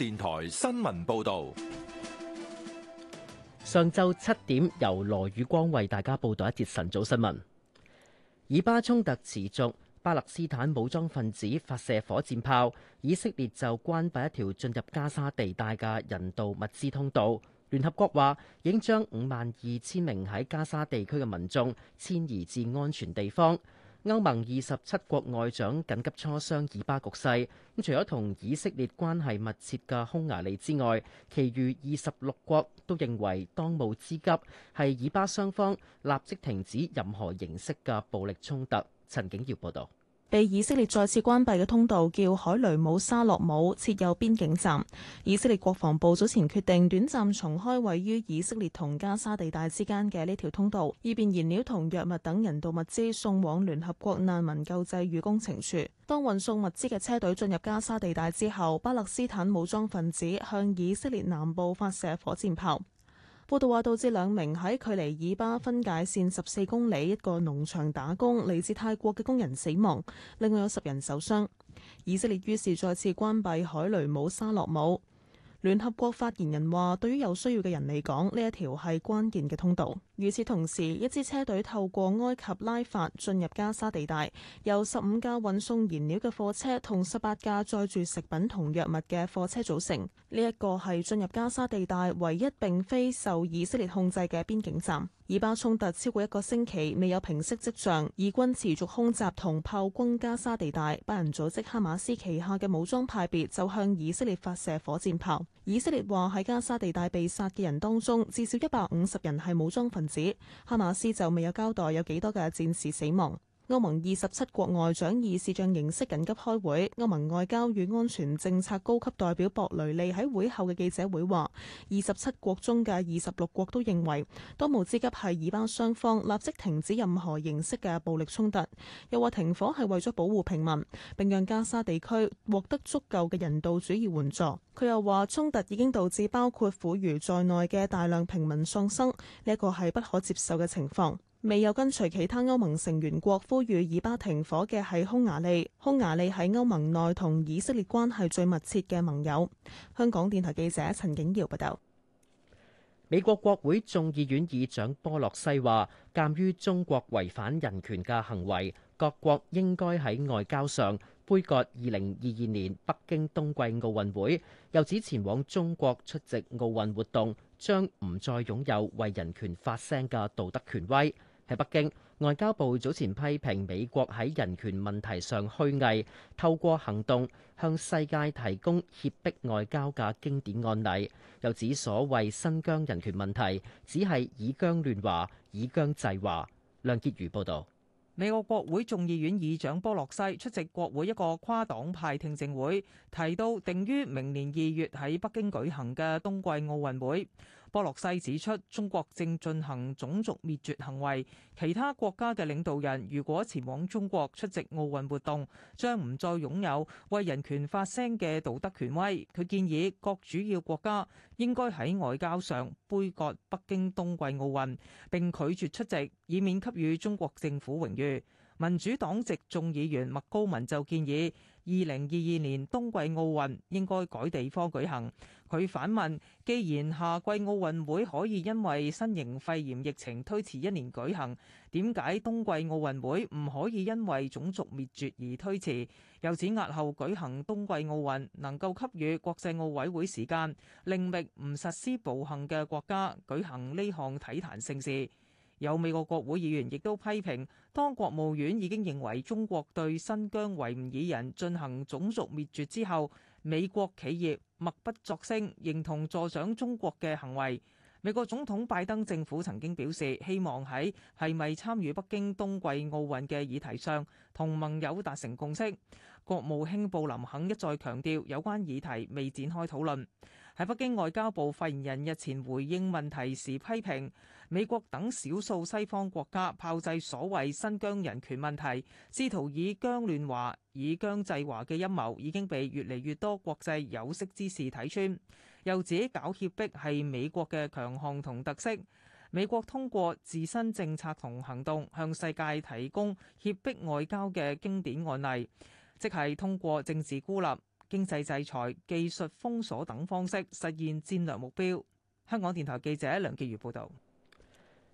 電台新聞報道：上晝七點，由羅宇光為大家報道一節晨早新聞。以巴衝突持續，巴勒斯坦武裝分子發射火箭炮，以色列就關閉一條進入加沙地帶嘅人道物資通道。聯合國話已經將五萬二千名喺加沙地區嘅民眾遷移至安全地方。歐盟二十七國外長緊急磋商以巴局勢，咁除咗同以色列關係密切嘅匈牙利之外，其餘二十六國都認為當務之急係以巴雙方立即停止任何形式嘅暴力衝突。陳景耀報道。被以色列再次關閉嘅通道叫海雷姆沙洛姆設有邊境站。以色列國防部早前決定短暫重開位於以色列同加沙地帶之間嘅呢條通道，以便燃料同藥物等人道物資送往聯合國難民救濟與工程處。當運送物資嘅車隊進入加沙地帶之後，巴勒斯坦武裝分子向以色列南部發射火箭炮。報道話導致兩名喺距離以巴分界線十四公里一個農場打工嚟自泰國嘅工人死亡，另外有十人受傷。以色列於是再次關閉海雷姆沙洛姆。聯合國發言人話：對於有需要嘅人嚟講，呢一條係關鍵嘅通道。與此同時，一支車隊透過埃及拉法進入加沙地帶，由十五架運送燃料嘅貨車同十八架載住食品同藥物嘅貨車組成。呢一個係進入加沙地帶唯一並非受以色列控制嘅邊境站。以巴衝突超過一個星期未有平息跡象，以軍持續空襲同炮轟加沙地帶，巴人組織哈馬斯旗下嘅武裝派別就向以色列發射火箭炮。以色列話喺加沙地帶被殺嘅人當中，至少一百五十人係武裝分子。時哈馬斯就未有交代有幾多嘅戰士死亡。歐盟二十七國外長以視像形式緊急開會，歐盟外交與安全政策高級代表博雷利喺會後嘅記者會話：二十七國中嘅二十六國都認為，當務之急係以巴雙方立即停止任何形式嘅暴力衝突，又話停火係為咗保護平民，並讓加沙地區獲得足夠嘅人道主義援助。佢又話，衝突已經導致包括婦孺在內嘅大量平民喪生，呢一個係不可接受嘅情況。未有跟隨其他歐盟成員國呼籲以巴停火嘅係匈牙利。匈牙利喺歐盟內同以色列關係最密切嘅盟友。香港電台記者陳景瑤報道。美國國會眾議院議長波洛西話：鑒於中國違反人權嘅行為，各國應該喺外交上杯葛二零二二年北京冬季奧運會。由此前往中國出席奧運活動，將唔再擁有為人權發聲嘅道德權威。喺北京，外交部早前批評美國喺人權問題上虛偽，透過行動向世界提供脅迫外交嘅經典案例。又指所謂新疆人權問題，只係以疆亂華，以疆制華。梁潔如報道。美國國會眾議院議長波洛西出席國會一個跨黨派聽證會，提到定於明年二月喺北京舉行嘅冬季奧運會。波洛西指出，中國正進行種族滅絕行為。其他國家嘅領導人如果前往中國出席奧運活動，將唔再擁有為人權發聲嘅道德權威。佢建議各主要國家應該喺外交上杯葛北京冬季奧運，並拒絕出席，以免給予中國政府榮譽。民主黨籍眾議員麥高文就建議。二零二二年冬季奧運應該改地方舉行。佢反問：既然夏季奧運會可以因為新型肺炎疫情推遲一年舉行，點解冬季奧運會唔可以因為種族滅絕而推遲？又指押後舉行冬季奧運，能夠給予國際奧委會時間，另覓唔實施暴行嘅國家舉行呢項體壇盛事。有美國國會議員亦都批評，當國務院已經認為中國對新疆維吾爾人進行種族滅絕之後，美國企業默不作聲，認同助長中國嘅行為。美國總統拜登政府曾經表示，希望喺係咪參與北京冬季奧運嘅議題上，同盟友達成共識。國務卿布林肯一再強調，有關議題未展開討論。喺北京外交部發言人日前回應問題時，批評美國等少數西方國家炮製所謂新疆人權問題，試圖以疆亂華、以疆制華嘅陰謀，已經被越嚟越多國際有識之士睇穿。又指搞脅迫，係美國嘅強項同特色，美國通過自身政策同行動向世界提供脅迫外交嘅經典案例，即係通過政治孤立、經濟制裁、技術封鎖等方式實現戰略目標。香港電台記者梁潔如報道，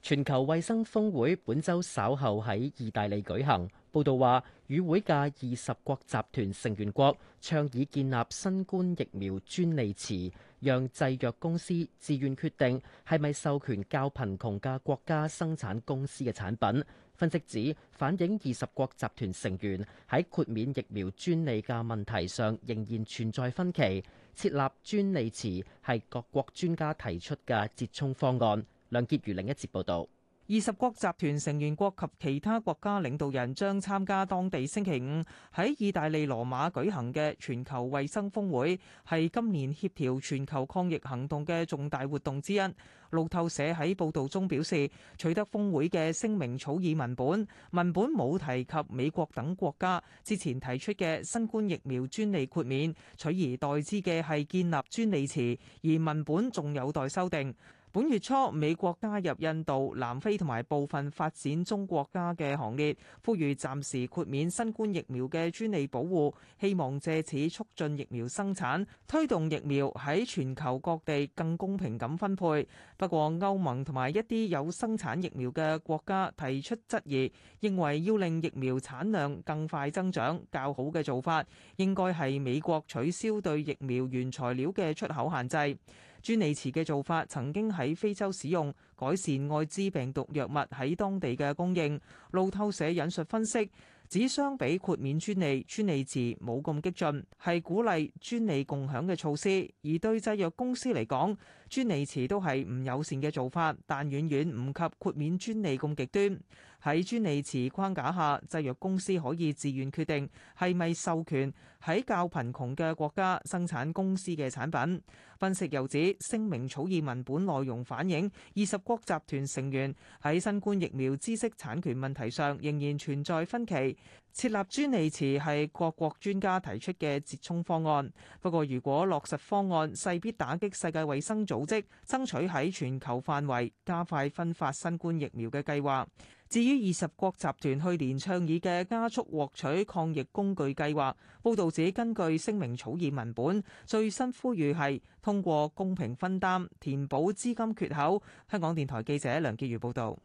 全球衛生峰會本周稍後喺意大利舉行。報道話，與會嘅二十國集團成員國倡議建立新冠疫苗專利池，讓製藥公司自願決定係咪授權較貧窮嘅國家生產公司嘅產品。分析指反映，二十國集團成員喺豁免疫苗專利嘅問題上仍然存在分歧，設立專利池係各國專家提出嘅折衷方案。梁潔如另一節報道。二十國集團成員國及其他國家領導人將參加當地星期五喺意大利羅馬舉行嘅全球衛生峰會，係今年協調全球抗疫行動嘅重大活動之一。路透社喺報導中表示，取得峰會嘅聲明草擬文本，文本冇提及美國等國家之前提出嘅新冠疫苗專利豁免，取而代之嘅係建立專利池，而文本仲有待修訂。本月初，美國加入印度、南非同埋部分發展中國家嘅行列，呼籲暫時豁免新冠疫苗嘅專利保護，希望借此促進疫苗生產，推動疫苗喺全球各地更公平咁分配。不過，歐盟同埋一啲有生產疫苗嘅國家提出質疑，認為要令疫苗產量更快增長，較好嘅做法應該係美國取消對疫苗原材料嘅出口限制。專利池嘅做法曾經喺非洲使用，改善愛滋病毒藥物喺當地嘅供應。路透社引述分析，只相比豁免專利，專利池冇咁激進，係鼓勵專利共享嘅措施。而對製藥公司嚟講，專利池都係唔友善嘅做法，但遠遠唔及豁免專利咁極端。喺專利池框架下，製藥公司可以自願決定係咪授權喺較貧窮嘅國家生產公司嘅產品。分析又指，聲明草擬文本內容反映二十國集團成員喺新冠疫苗知識產權問題上仍然存在分歧。設立專利池係各國專家提出嘅折衷方案，不過，如果落實方案，勢必打擊世界衛生組織，爭取喺全球範圍加快分發新冠疫苗嘅計劃。至於二十國集團去年倡議嘅加速獲取抗疫工具計劃，報道指根據聲明草擬文本，最新呼籲係通通過公平分擔，填補資金缺口。香港電台記者梁潔如報道。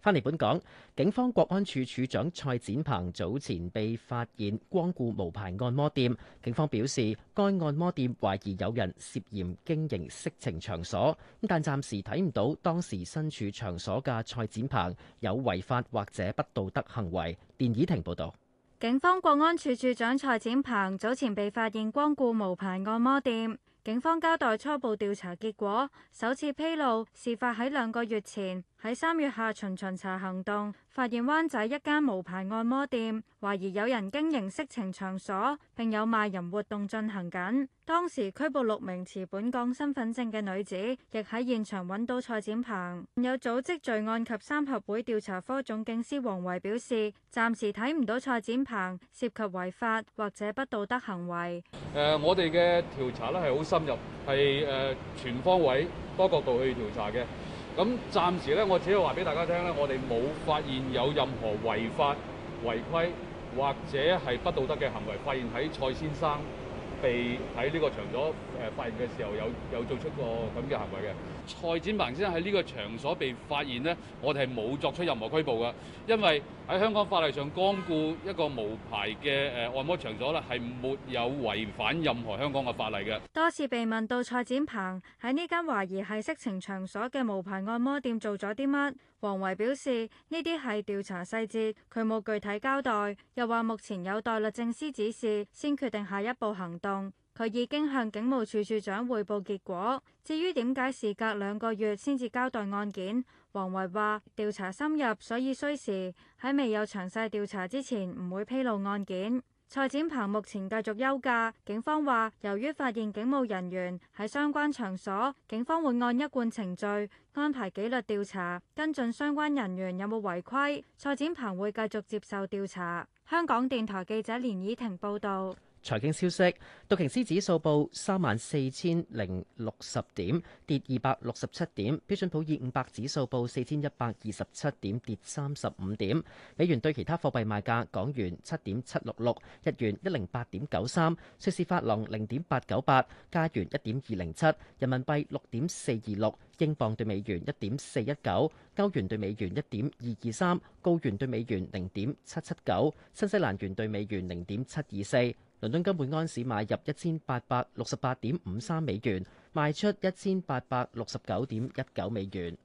翻嚟本港，警方國安處處長蔡展鵬早前被發現光顧無牌按摩店，警方表示該按摩店懷疑有人涉嫌經營色情場所，但暫時睇唔到當時身處場所嘅蔡展鵬有違法或者不道德行為。連綺婷報道。警方國安處處長蔡展鵬早前被發現光顧無牌按摩店。警方交代初步調查結果，首次披露事發喺兩個月前。喺三月下旬巡查行動，發現灣仔一間無牌按摩店，懷疑有人經營色情場所，並有賣淫活動進行緊。當時拘捕六名持本港身份證嘅女子，亦喺現場揾到蔡展鵬。有組織罪案及三合會調查科總警司黃維表示，暫時睇唔到蔡展鵬涉及違法或者不道德行為。呃、我哋嘅調查咧係好深入，係、呃、全方位多角度去調查嘅。咁暫時咧，我只係話俾大家聽咧，我哋冇發現有任何違法違規或者係不道德嘅行為。發現喺蔡先生被喺呢個場所誒發現嘅時候，有有做出過咁嘅行為嘅。蔡展鵬先生喺呢個場所被發現咧，我哋係冇作出任何拘捕噶，因為喺香港法例上光顧一個無牌嘅誒按摩場所咧，係沒有違反任何香港嘅法例嘅。多次被問到蔡展鵬喺呢間懷疑係色情場所嘅無牌按摩店做咗啲乜，黃維表示呢啲係調查細節，佢冇具體交代，又話目前有待律政司指示先決定下一步行動。佢已經向警務處處長匯報結果。至於點解事隔兩個月先至交代案件，黃維話調查深入，所以需時。喺未有詳細調查之前，唔會披露案件。蔡展鵬目前繼續休假，警方話由於發現警務人員喺相關場所，警方會按一貫程序安排紀律調查，跟進相關人員有冇違規。蔡展鵬會繼續接受調查。香港電台記者連以婷報道。財經消息，道瓊斯指數報三萬四千零六十點，跌二百六十七點。標準普爾五百指數報四千一百二十七點，跌三十五點。美元對其他貨幣賣價：港元七點七六六，日元一零八點九三，瑞士法郎零點八九八，加元一點二零七，人民幣六點四二六，英鎊對美元一點四一九，歐元對美元一點二二三，高元對美元零點七七九，新西蘭元對美元零點七二四。倫敦金每安士買入一千八百六十八點五三美元，賣出一千八百六十九點一九美元。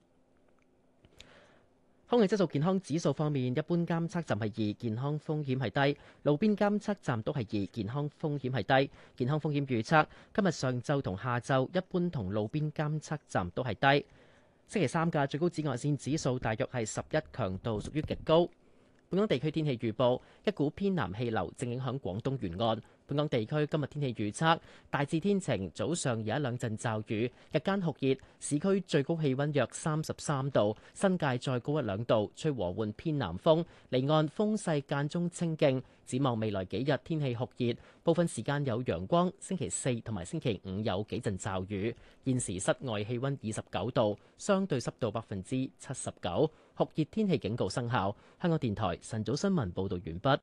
空氣質素健康指數方面，一般監測站係二，健康風險係低；路邊監測站都係二，健康風險係低。健康風險預測今日上晝同下晝，一般同路邊監測站都係低。星期三嘅最高紫外線指數大約係十一，強度屬於極高。本港地區天氣預報，一股偏南氣流正影響廣東沿岸。本港地區今日天氣預測，大致天晴，早上有一兩陣驟雨，日間酷熱，市區最高氣温約三十三度，新界再高一兩度，吹和緩偏南風，離岸風勢間中清勁。展望未來幾日天氣酷熱，部分時間有陽光，星期四同埋星期五有幾陣驟雨。現時室外氣温二十九度，相對濕度百分之七十九，酷熱天氣警告生效。香港電台晨早新聞報道完畢。